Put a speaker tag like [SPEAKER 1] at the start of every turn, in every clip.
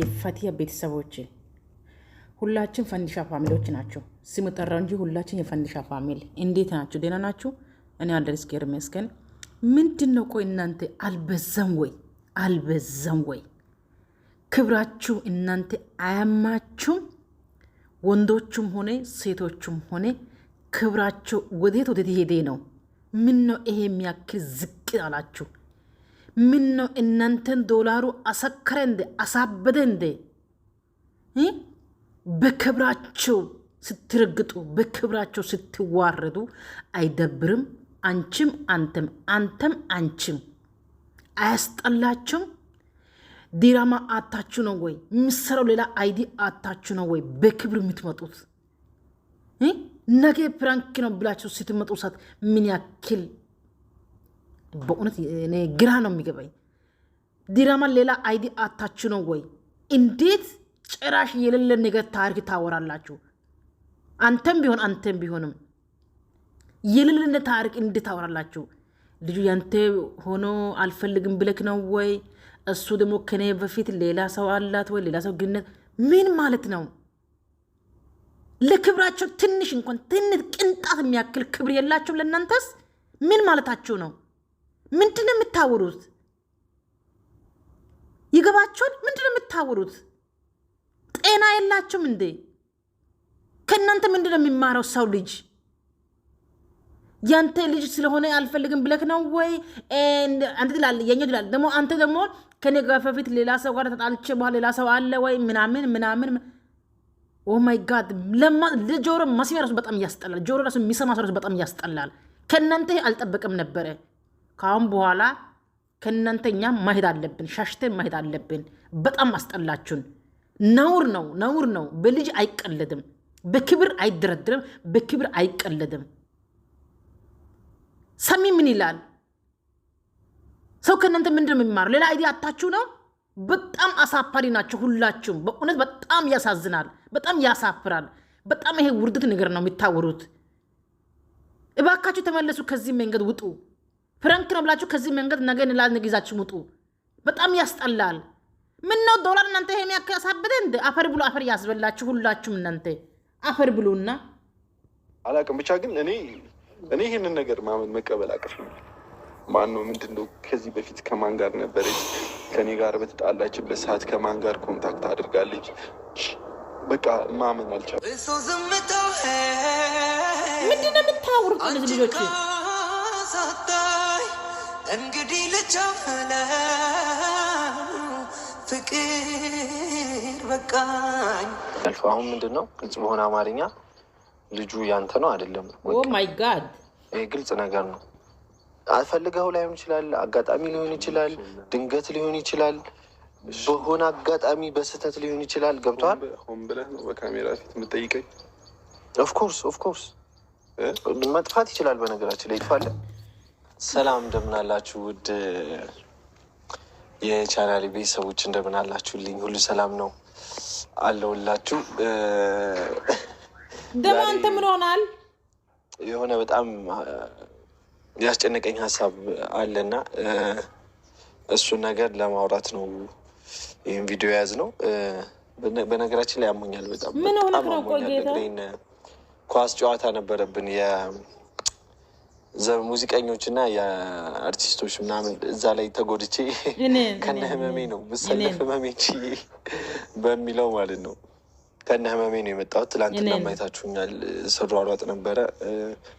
[SPEAKER 1] የፈቲያ ቤተሰቦች ሁላችን ፈንዲሻ ፋሚሊዎች ናቸው። ስም ጠራው እንጂ ሁላችን የፈንዲሻ ፋሚሊ። እንዴት ናችሁ? ደህና ናችሁ? እኔ አለሁ እግዚአብሔር ይመስገን። ምንድን ነው ቆይ እናንተ አልበዛም ወይ? አልበዛም ወይ? ክብራችሁ እናንተ አያማችሁም? ወንዶቹም ሆነ ሴቶቹም ሆነ ክብራችሁ ወዴት ወዴት ሄደ ነው? ምን ነው ይሄ የሚያክል ዝቅ አላችሁ? ምን ነው እናንተን ዶላሩ አሰከረ እንዴ? አሳበደ እንዴ? በክብራቸው ስትረግጡ፣ በክብራቸው ስትዋረዱ አይደብርም? አንቺም አንተም አንተም አንቺም አያስጠላችሁም? ዲራማ አታችሁ ነው ወይ የሚሰራው? ሌላ አይዲ አታችሁ ነው ወይ በክብር የምትመጡት? ነገ ፕራንክ ነው ብላችሁ ስትመጡ ሰዓት ምን ያክል በእውነት እኔ ግራ ነው የሚገባኝ። ዲራማን ሌላ አይዲ አታችሁ ነው ወይ? እንዴት ጭራሽ የሌለ ነገር ታሪክ ታወራላችሁ? አንተም ቢሆን አንተም ቢሆንም የሌለ ታሪክ እንዴት ታወራላችሁ? ልጁ ያንተ ሆኖ አልፈልግም ብለክ ነው ወይ? እሱ ደግሞ ከኔ በፊት ሌላ ሰው አላት ወይ? ሌላ ሰው ግንኙነት ምን ማለት ነው? ለክብራቸው ትንሽ እንኳን ትንሽ ቅንጣት የሚያክል ክብር የላቸው። ለእናንተስ ምን ማለታችሁ ነው? ምንድን ነው የምታውሩት? ይገባችሁን? ምንድን ነው የምታውሩት? ጤና የላችሁም እንዴ? ከእናንተ ምንድን ነው የሚማረው ሰው ልጅ? ያንተ ልጅ ስለሆነ አልፈልግም ብለክ ነው ወይ አንተ ትላለህ፣ የኛ ትላለህ። ደግሞ አንተ ደግሞ ከኔ ጋር ፈፊት ሌላ ሰው ጋር ተጣልቼ በኋላ ሌላ ሰው አለ ወይ ምናምን ምናምን። ኦ ማይ ጋድ! ለጆሮ ማስሚያ ራሱ በጣም ያስጠላል። ጆሮ ራሱ የሚሰማ ሰው ራሱ በጣም ያስጠላል። ከእናንተ አልጠበቅም ነበረ። ከአሁን በኋላ ከእናንተኛ ማሄድ አለብን፣ ሻሽተን ማሄድ አለብን። በጣም አስጠላችሁን። ነውር ነው፣ ነውር ነው። በልጅ አይቀለድም፣ በክብር አይደረድርም፣ በክብር አይቀለድም። ሰሚ ምን ይላል ሰው? ከእናንተ ምንድን ነው የሚማረው? ሌላ አይዲያ አታችሁ ነው። በጣም አሳፋሪ ናቸው ሁላችሁም። በእውነት በጣም ያሳዝናል፣ በጣም ያሳፍራል። በጣም ይሄ ውርደት ነገር ነው የሚታወሩት። እባካችሁ ተመለሱ፣ ከዚህ መንገድ ውጡ። ፕራንክ ነው ብላችሁ ከዚህ መንገድ ነገ ንላል ንግዛችሁ ሙጡ። በጣም ያስጠላል። ምን ነው ዶላር እናንተ ይሄ የሚያሳብደ እንደ አፈር ብሎ አፈር ያስበላችሁ ሁላችሁም እናንተ አፈር ብሎና
[SPEAKER 2] አላቅም። ብቻ ግን እኔ እኔ ይህንን ነገር ማመን መቀበል አቅፍ ማን ነው ምንድን ነው ከዚህ በፊት ከማን ጋር ነበረች? ከኔ ጋር በተጣላችበት ሰዓት ከማን ጋር ኮንታክት አድርጋለች? በቃ ማመን አልቻልኩም።
[SPEAKER 1] ምንድን ነው የምታወሩት ልጆች? እንግዲህ ልቻለው
[SPEAKER 2] ፍቅር በቃኝ። አሁን ምንድን ነው ግልጽ በሆነ አማርኛ ልጁ ያንተ ነው አይደለም?
[SPEAKER 1] ኦ ማይ ጋድ!
[SPEAKER 2] ግልጽ ነገር ነው። አፈልገው ላይሆን ይችላል፣ አጋጣሚ ሊሆን ይችላል፣ ድንገት ሊሆን ይችላል፣ በሆነ አጋጣሚ በስህተት ሊሆን ይችላል። ገብቷል።
[SPEAKER 3] ሆን ብለህ ነው በካሜራ ፊት የምጠይቀኝ?
[SPEAKER 2] ኦፍኮርስ ኦፍኮርስ፣ መጥፋት ይችላል። በነገራችን ላይ ይጥፋለን ሰላም እንደምን አላችሁ? ውድ የቻናል ቤተሰቦች እንደምን አላችሁልኝ? ሁሉ ሰላም ነው አለውላችሁ።
[SPEAKER 1] ደግሞ አንተ ምን ሆናል?
[SPEAKER 2] የሆነ በጣም ያስጨነቀኝ ሀሳብ አለና እሱን ነገር ለማውራት ነው ይህን ቪዲዮ የያዝ ነው። በነገራችን ላይ ያሞኛል
[SPEAKER 1] በጣም
[SPEAKER 2] ኳስ ጨዋታ ነበረብን ሙዚቀኞችና የአርቲስቶች ምናምን እዛ ላይ ተጎድቼ ከነ ህመሜ ነው ምሰለፍ ህመሜ በሚለው ማለት ነው። ከነ ህመሜ ነው የመጣሁት። ትላንትና ማየታችሁኛል፣ ስሯሯጥ ነበረ።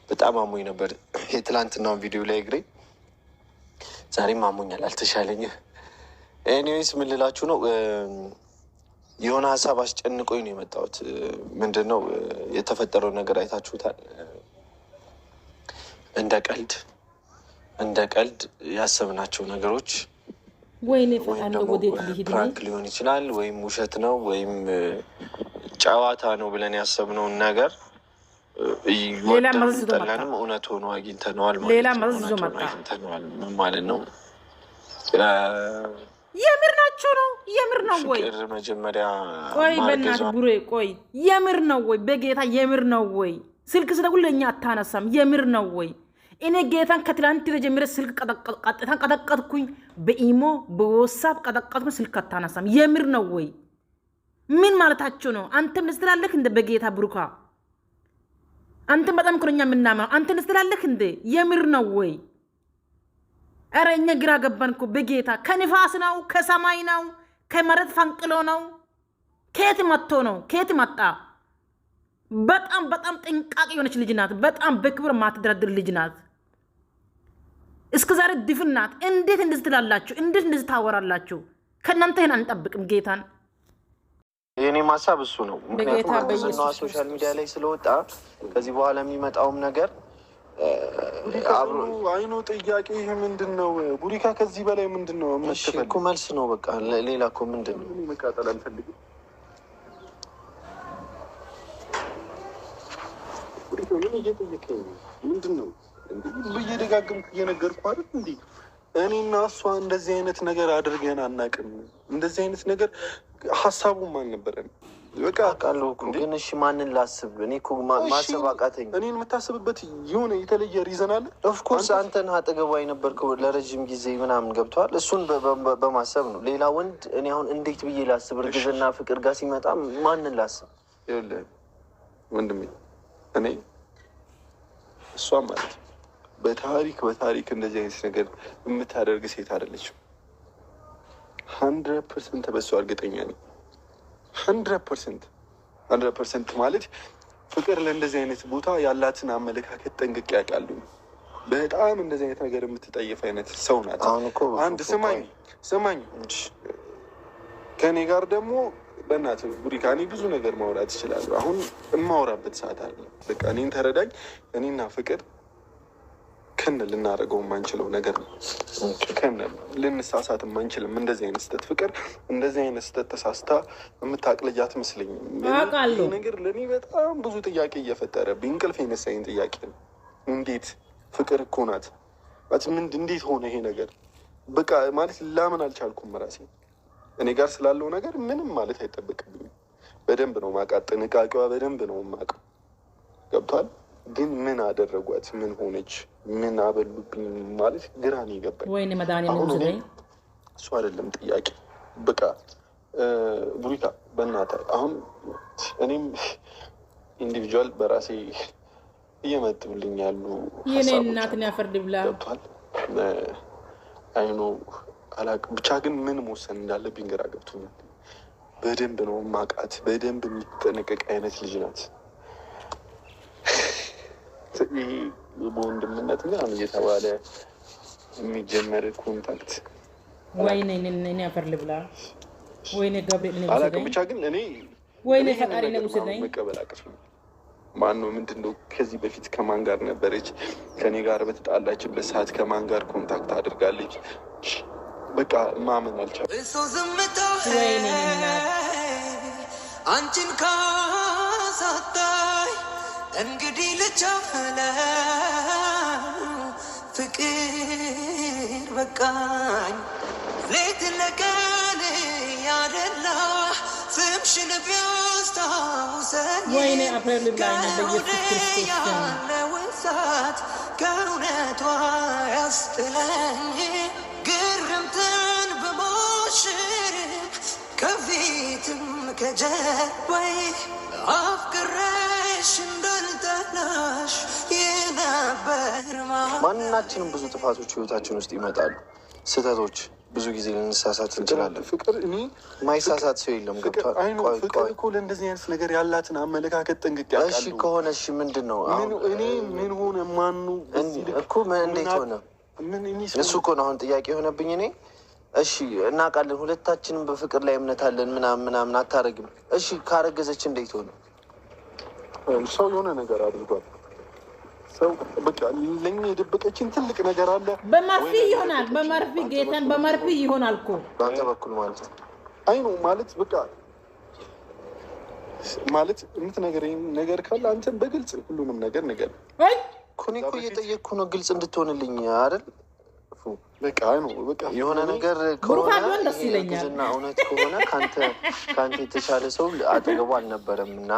[SPEAKER 2] በጣም አሞኝ ነበር። የትላንትናውን ቪዲዮ ላይ እግሬ ዛሬም አሞኛል፣ አልተሻለኝም። ኤኒዌይስ ምን ልላችሁ ነው የሆነ ሀሳብ አስጨንቆኝ ነው የመጣሁት። ምንድን ነው የተፈጠረው ነገር አይታችሁታል። እንደ ቀልድ እንደ ቀልድ ያሰብናቸው ነገሮች ወይም ፕራንክ ሊሆን ይችላል ወይም ውሸት ነው ወይም ጨዋታ ነው ብለን ያሰብነውን ነገር ጠላንም እውነት ሆኖ አግኝተነዋል ማለት ነው።
[SPEAKER 1] የምር ናቸው ነው የምር ነው ወይ መጀመሪያ ቆይ በእናትህ ቡሬ ቆይ የምር ነው ወይ በጌታ የምር ነው ወይ ስልክ ስለ ሁለኛ አታነሳም የምር ነው ወይ እኔ ጌታን ከትላንት ጀምረ ስልክ ቀጥታን ቀጠቀጥኩኝ። በኢሞ በወሳብ ቀጠቀጥኩ። ስልክ አታነሳም። የምር ነው ወይ ምን ማለታቸው ነው? አንተም ልስትላለክ እንደ በጌታ ብሩካ፣ አንተም በጣም ኩረኛ የምናምነው አንተ ልስትላለክ እንደ የምር ነው ወይ? ኧረ እኛ ግራ ገባን እኮ በጌታ ከንፋስ ነው ከሰማይ ነው ከመሬት ፈንቅሎ ነው ከየት መጥቶ ነው ከየት መጣ? በጣም በጣም ጥንቃቄ የሆነች ልጅ ናት። በጣም በክብር ማትደራድር ልጅ ናት። እስከ ዛሬ ድፍን ናት። እንዴት እንደዚህ ትላላችሁ? እንዴት እንደዚ ታወራላችሁ? ከእናንተ ይህን አንጠብቅም ጌታን።
[SPEAKER 2] የኔም ሀሳብ እሱ ነው። ምክንያቱም ሶሻል ሚዲያ ላይ ስለወጣ ከዚህ በኋላ የሚመጣውም ነገር
[SPEAKER 3] አይኖ ጥያቄ ይህ ምንድን ነው? ቡሪካ ከዚህ በላይ ምንድን ነው?
[SPEAKER 2] እኮ መልስ ነው በቃ። ሌላ እኮ ምንድን ነው? መቃጠል አልፈልግም።
[SPEAKER 3] ምን እየጠየቀኝ ምንድን ነው? እየደጋገምኩ እየነገርኩ አይደል እንዴ? እኔና እሷ እንደዚህ አይነት ነገር አድርገን አናውቅም። እንደዚህ አይነት ነገር ሀሳቡም አልነበረን።
[SPEAKER 2] በቃ አውቃለሁ ግን እሺ፣ ማንን ላስብ? እኔ እኮ ማሰብ አቃተኝ።
[SPEAKER 3] እኔን የምታስብበት የሆነ የተለየ ሪዘን አለ።
[SPEAKER 2] ኦፍኮርስ አንተን አጠገቧ የነበርከው ለረጅም ጊዜ ምናምን ገብተዋል። እሱን በማሰብ ነው። ሌላ ወንድ እኔ አሁን እንዴት ብዬ ላስብ? እርግዝና ፍቅር ጋር ሲመጣ ማንን ላስብ?
[SPEAKER 3] ወንድሜ እኔ እሷ ማለት ነው በታሪክ በታሪክ እንደዚህ አይነት ነገር የምታደርግ ሴት አይደለችም። ሀንድረድ ፐርሰንት በሷ እርግጠኛ ነኝ። ሀንድረድ ፐርሰንት ሀንድረድ ፐርሰንት ማለት ፍቅር ለእንደዚህ አይነት ቦታ ያላትን አመለካከት ጠንቅቅ ያውቃሉ። በጣም እንደዚህ አይነት ነገር የምትጠይፍ አይነት ሰው ናት። አንድ ስማኝ ስማኝ፣ ከእኔ ጋር ደግሞ በእናት ቡሪካ ብዙ ነገር ማውራት ይችላሉ አሁን የማውራበት ሰዓት አለ። በቃ እኔን ተረዳኝ። እኔና ፍቅር ከነ ልናደርገው የማንችለው ነገር ነው። ከነ ልንሳሳት የማንችልም እንደዚህ አይነት ስህተት ፍቅር እንደዚህ አይነት ስህተት ተሳስታ የምታቅልጅ አትመስለኝም። ነገር ለእኔ በጣም ብዙ ጥያቄ እየፈጠረ እንቅልፍ የነሳኝ ጥያቄ ነው። እንዴት ፍቅር እኮ ናት ምንድ እንዴት ሆነ ይሄ ነገር? በቃ ማለት ላምን አልቻልኩም። ራሴ እኔ ጋር ስላለው ነገር ምንም ማለት አይጠበቅብኝም። በደንብ ነው ማውቃት፣ ጥንቃቄዋ በደንብ ነው ማውቀው። ገብቷል። ግን ምን አደረጓት? ምን ሆነች? ምን አበሉብኝ ማለት ግራ ነው የገባኝ።
[SPEAKER 1] ወይ መድኃኒዓለም
[SPEAKER 3] እሱ አይደለም ጥያቄ። በቃ ቡሪካ በእናትህ አሁን እኔም ኢንዲቪጁዋል በራሴ እየመጥብልኝ ያሉ
[SPEAKER 1] ይህኔ እናትን ያፈርድ ብላ
[SPEAKER 3] ገብቷል። አይኖ አላቅም ብቻ ግን ምን መወሰን እንዳለብኝ ግራ ገብቶኛል። በደንብ ነው ማቃት፣ በደንብ የሚጠነቀቅ አይነት ልጅ ናት። በወንድምነት ምናምን እየተባለ የሚጀመር ኮንታክት
[SPEAKER 1] ወይኔ አፈር ልብላ፣ ወይኔ ገብርኤል ነው
[SPEAKER 3] አላውቅም። ብቻ ግን እኔ
[SPEAKER 1] ወይኔ ፈጣሪ ነው
[SPEAKER 3] መቀበል አቅፍ ማን ነው ምንድን ነው? ከዚህ በፊት ከማን ጋር ነበረች? ከኔ ጋር በተጣላችበት ሰዓት ከማን ጋር ኮንታክት አድርጋለች? በቃ ማመን አልቻልኩም። አንቺን እንግዲህ ልቻለው ፍቅር በቃኝ ሌት ለቀን ያደላ ስምሽን ቢያስታውሰኝ
[SPEAKER 2] ከውደ ያለውን ሰዓት ከእውነቷ ያስጥለኝ ግርምት ከፊትም ከጀርባዬ አፍቅሬሽ እንዳልጠላሽ የነበር ማናችንም ብዙ ጥፋቶች ህይወታችን ውስጥ ይመጣሉ። ስህተቶች ብዙ ጊዜ ልንሳሳት እንችላለን። ፍቅር እኔ ማይሳሳት ሰው የለም። ገብቷል
[SPEAKER 3] እኮ ለእንደዚህ አይነት ነገር ያላትን አመለካከት ጠንቅቅ ያውቃሉ። እሺ
[SPEAKER 2] ከሆነ እሺ፣ ምንድን ነው
[SPEAKER 3] እኔ ምን ሆነ ማኑ
[SPEAKER 2] እኮ እንዴት ሆነ? እሱ እኮ ነው አሁን ጥያቄ የሆነብኝ እኔ እሺ እናውቃለን፣ ሁለታችንም በፍቅር ላይ እምነት አለን ምናምን ምናምን አታረግም። እሺ ካረገዘች እንዴት ሆነ?
[SPEAKER 3] ሰው የሆነ ነገር አድርጓል። ሰው በቃ ለኛ የደበቀችን ትልቅ ነገር አለ።
[SPEAKER 1] በመርፌ ይሆናል፣ በመርፌ ጌታን በመርፌ ይሆናል እኮ
[SPEAKER 2] በአንተ በኩል ማለት ነው።
[SPEAKER 3] አይ ነው ማለት በቃ ማለት የምትነግረኝ ነገር ካለ አንተን በግልጽ ሁሉንም ነገር ንገር።
[SPEAKER 2] እኔ እኮ እየጠየቅኩ ነው ግልጽ እንድትሆንልኝ አይደል በቃ ነው በቃ የሆነ ነገር
[SPEAKER 1] ከሆነ ደስ
[SPEAKER 2] እውነት ከሆነ ከአንተ የተሻለ ሰው አጠገቡ አልነበረም እና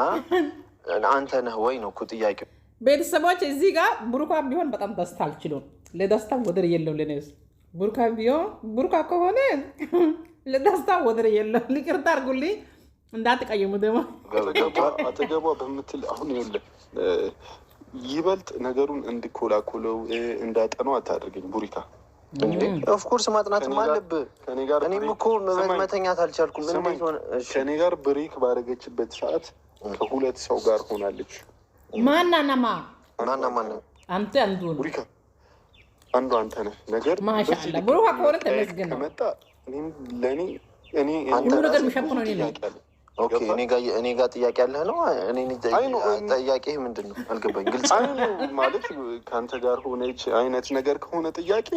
[SPEAKER 2] አንተ ነህ ወይ ነው እኮ ጥያቄው።
[SPEAKER 1] ቤተሰቦች እዚህ ጋር ቡሩካ ቢሆን በጣም ደስታ አልችሉም። ለደስታ ወደር የለው ለነሱ ቡሩካ ቢሆን ቡሩካ ከሆነ ለደስታ ወደር የለው። ይቅርታ አድርጉልኝ እንዳትቀየሙ ደግሞ
[SPEAKER 3] አጠገቧ በምትል አሁን የለ ይበልጥ ነገሩን እንድኮላኮለው እንዳጠነው አታደርገኝ ቡሪካ
[SPEAKER 2] ኦፍኮርስ ማጥናትም አለብህ። እኔም እኮ መተኛት አልቻልኩም።
[SPEAKER 3] ከኔ ጋር ብሬክ ባደረገችበት ሰዓት ከሁለት ሰው ጋር ሆናለች።
[SPEAKER 1] ማና ማናማ አንተ አንዱ
[SPEAKER 3] አንዱ አንተ ነህ። ነገር
[SPEAKER 1] ማሻላ ብሩ ከሆነ ተመስገን ነው።
[SPEAKER 3] ከመጣ ለእኔ
[SPEAKER 1] እኔ ሁሉ ነገር የሚሸፍነው እኔ ነው።
[SPEAKER 2] እኔ ጋር ጥያቄ ያለህ ነው። እኔ ጥያቄ ምንድን ነው አልገባኝ።
[SPEAKER 3] ግልጽ ማለት ከአንተ ጋር ሆነች አይነት ነገር ከሆነ ጥያቄ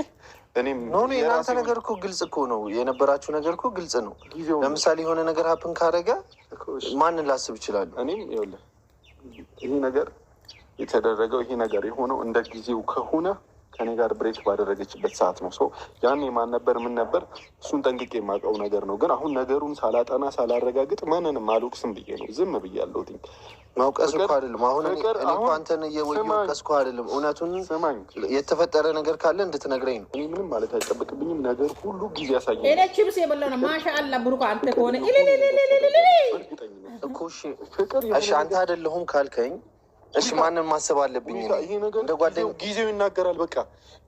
[SPEAKER 2] እኔም የናንተ ነገር እኮ ግልጽ እኮ ነው። የነበራችሁ ነገር እኮ ግልጽ ነው። ለምሳሌ የሆነ ነገር ሀፕን ካደረገ ማንን ላስብ ይችላሉ?
[SPEAKER 3] እኔም ይኸውልህ ይሄ ነገር የተደረገው ይሄ ነገር የሆነው እንደ ጊዜው ከሆነ ከኔ ጋር ብሬክ ባደረገችበት ሰዓት ነው። ሰው ያን የማን ነበር ምን ነበር እሱን ጠንቅቄ የማውቀው ነገር ነው። ግን አሁን ነገሩን ሳላጠና ሳላረጋግጥ ማንንም አልወቅስም ብዬ ነው ዝም ብያለሁ። ያለሁት።
[SPEAKER 2] መውቀስ እኮ አይደለም አሁን አንተን እየወቀስኩ አይደለም። እውነቱን የተፈጠረ ነገር ካለ እንድትነግረኝ ነው።
[SPEAKER 3] እኔ ምንም ማለት አይጠበቅብኝም። ነገር ሁሉ ጊዜ ያሳየኝ።
[SPEAKER 1] ሌላ ችብስ የበላ ነው። ማሻአላ ብሩ አንተ ከሆነ
[SPEAKER 2] እኮ እሺ፣ አንተ አይደለሁም ካልከኝ እሺ ማንን ማሰብ አለብኝ?
[SPEAKER 3] ይሄ እንደ ጓደኛ ጊዜው ይናገራል። በቃ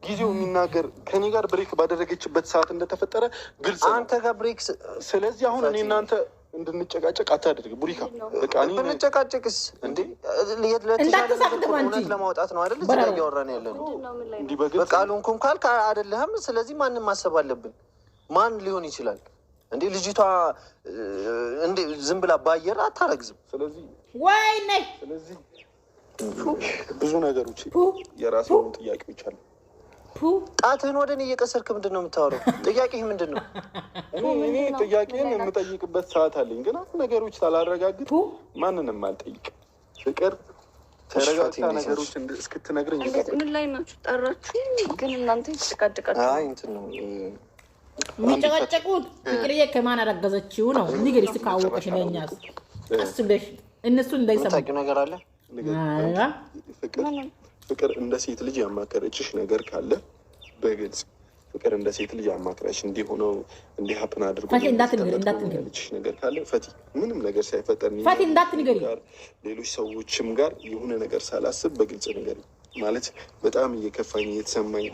[SPEAKER 3] ጊዜው የሚናገር ከኔ ጋር ብሬክ ባደረገችበት ሰዓት እንደተፈጠረ
[SPEAKER 2] ግልጽ ነው። አንተ ጋር ብሬክ። ስለዚህ አሁን እኔ እናንተ
[SPEAKER 3] እንድንጨቃጨቅ አታደርግ ቡሪካ።
[SPEAKER 2] ብንጨቃጨቅስ እንዴ ለማውጣት ነው አይደል? እዚህ እያወራን ያለ ነው። በቃሉ እንኩም ካልክ አይደለህም። ስለዚህ ማንን ማሰብ አለብን? ማን ሊሆን ይችላል? እንዴ ልጅቷ እንዴ ዝም ብላ ባየር አታረግዝም።
[SPEAKER 3] ስለዚህ ወይ ነይ ስለዚህ ብዙ ነገሮች የራስን ጥያቄ ይቻል
[SPEAKER 2] ጣትህን ወደ እኔ እየቀሰርክ ምንድን ነው የምታወራው? ጥያቄህ ምንድን ነው?
[SPEAKER 3] እኔ ጥያቄን የምጠይቅበት ሰዓት አለኝ፣ ግን አሁን ነገሮች ሳላረጋግጥ ማንንም አልጠይቅ። ፍቅር ተረጋግታ ነገሮች እስክትነግረኝ
[SPEAKER 1] ምን ላይ ናችሁ? ጠራችሁ ግን እናንተ ይጨቃጨቃችሁ። እንትን ነው ፍቅርዬ ከማን አረገዘችው ነው ንገሪ፣ ለእኛ እነሱ እንዳይሰማ
[SPEAKER 2] ነገር አለ
[SPEAKER 3] ፍቅር እንደ ሴት ልጅ ያማከረችሽ ነገር ካለ በግልጽ ፍቅር እንደ ሴት ልጅ አማክራሽ እንዲሆነው ሆኖ እንዲህ ሀፕን አድርጎ
[SPEAKER 1] እንዳትንገሪልሽ
[SPEAKER 3] ነገር ካለ ፈቲ ምንም ነገር ሳይፈጠር ሌሎች ሰዎችም ጋር የሆነ ነገር ሳላስብ በግልጽ ነገር ማለት በጣም እየከፋኝ እየተሰማኝ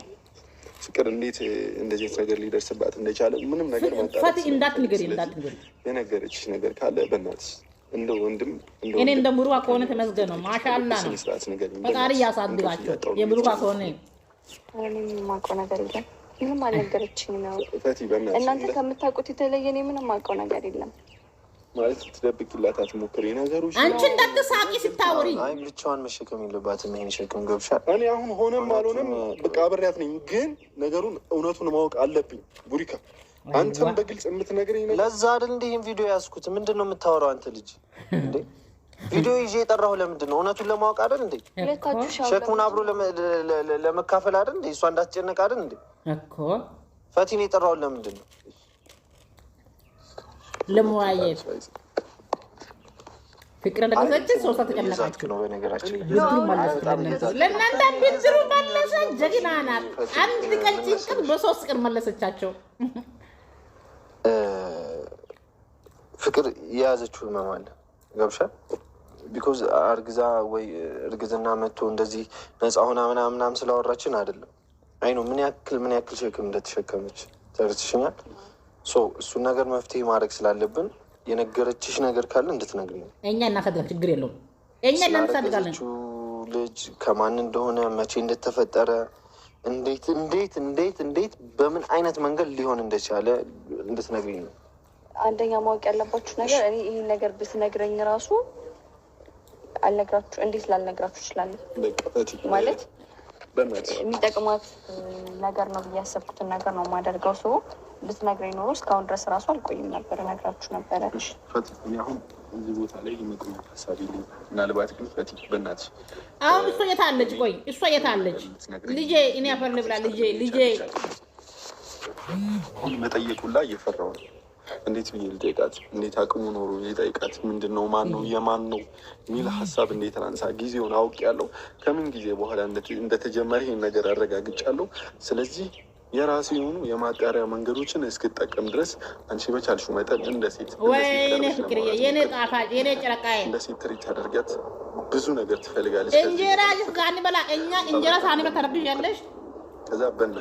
[SPEAKER 3] ፍቅር እንዴት እንደዚህ ነገር ሊደርስባት እንደቻለ ምንም ነገር ማጣራት የነገረችሽ ነገር ካለ በእናትሽ እንደ ወንድም
[SPEAKER 1] እኔ እንደ ምሩቃ ከሆነ ተመስገን ነው። ማሻላ ነው። ፈጣሪ እያሳድባቸው። የምሩቃ ከሆነ
[SPEAKER 4] ነገር የለም። ምንም አልነገረችኝ ነው። እናንተ ከምታውቁት የተለየ እኔ ምንም አውቀው ነገር የለም።
[SPEAKER 3] ማለት ትደብቅላታችሁ ሞክሬ ነገሮች
[SPEAKER 1] አንቺ እንዳትሳቂ ስታወሪ
[SPEAKER 2] ብቻዋን መሸከም የለባትም ይሄን ሸክም ገብሻ።
[SPEAKER 3] እኔ አሁን ሆነም አልሆነም በቃ አብሬያት ነኝ፣ ግን ነገሩን እውነቱን ማወቅ አለብኝ ቡሪካ አንተም በግልጽ የምትነግረኝ ነገር
[SPEAKER 2] ለዛ አይደል እንዲህም ቪዲዮ ያዝኩት። ምንድን ነው የምታወራው አንተ ልጅ? እንዴ ቪዲዮ ይዤ የጠራሁ ለምንድን ነው? እውነቱን ለማወቅ አይደል እንዴ? ሸክሙን አብሮ ለመካፈል አይደል እንዴ? እሷ እንዳትጨነቅ አይደል እንዴ? ፈቲን የጠራሁት ለምንድን ነው?
[SPEAKER 1] ለመዋየት ፍቅር ለገሰች ሶስት
[SPEAKER 2] ተቀለቃችሁ ነው። በነገራችን
[SPEAKER 1] ለእናንተ አቤት ድሩ ጀግና ናት። አንድ ቀን ጭንቅን በሶስት ቀን መለሰቻቸው።
[SPEAKER 2] ፍቅር የያዘችው ህመም አለ ገብሻል። ቢኮዝ አርግዛ ወይ እርግዝና መጥቶ እንደዚህ ነፃ ሆና ምናምን ምናምን ስላወራችን አይደለም። አይ ነው ምን ያክል ምን ያክል ሸክም እንደተሸከመች ተርትሽኛል። እሱን ነገር መፍትሄ ማድረግ ስላለብን የነገረችሽ ነገር ካለ እንድትነግሪኝ ነው።
[SPEAKER 1] እኛ ችግር የለውም። እኛ
[SPEAKER 2] ልጅ ከማን እንደሆነ መቼ እንደተፈጠረ እንዴት እንዴት እንዴት እንዴት በምን አይነት መንገድ ሊሆን እንደቻለ እንድትነግሪኝ ነው።
[SPEAKER 4] አንደኛ ማወቅ ያለባችሁ ነገር እኔ ይህ ነገር ብትነግረኝ ራሱ አልነግራችሁ እንዴት ላልነግራችሁ
[SPEAKER 3] እችላለሁ?
[SPEAKER 4] ማለት የሚጠቅማት ነገር ነው ብዬ ያሰብኩትን ነገር ነው የማደርገው። ሰው ብትነግረኝ ኖሮ እስካሁን ድረስ ራሱ አልቆይም ነበር፣ እነግራችሁ ነበረ።
[SPEAKER 3] እዚህ ቦታ ላይ የመቆየት ሀሳብ የለኝም። ምናልባት ግን ፈቲ በእናትሽ
[SPEAKER 1] አሁን እሷ የት አለች? ቆይ እሷ የት አለች? ልጄ እኔ አፈር ልብላ ልጄ ልጄ
[SPEAKER 3] አሁን መጠየቁላ እየፈራው ነው። እንዴት ብዬ ልጠይቃት? እንዴት አቅሙ ኖሮ ልጠይቃት? ምንድን ነው ማን ነው የማን ነው የሚል ሀሳብ እንዴት ላንሳ? ጊዜውን አውቅ ያለው ከምን ጊዜ በኋላ እንደተጀመረ ይህን ነገር አረጋግጫለሁ። ስለዚህ የራሱ የሆኑ የማጣሪያ መንገዶችን እስክጠቀም ድረስ አንቺ በቻልሹ መጠን እንደ ሴት እንደ ሴት ትሪት አደርጋት። ብዙ ነገር ትፈልጋለች።
[SPEAKER 1] እንጀራ ጋር እንበላ እኛ እንጀራ ሳንበላ ተረብሽ ያለሽ ከዛ በና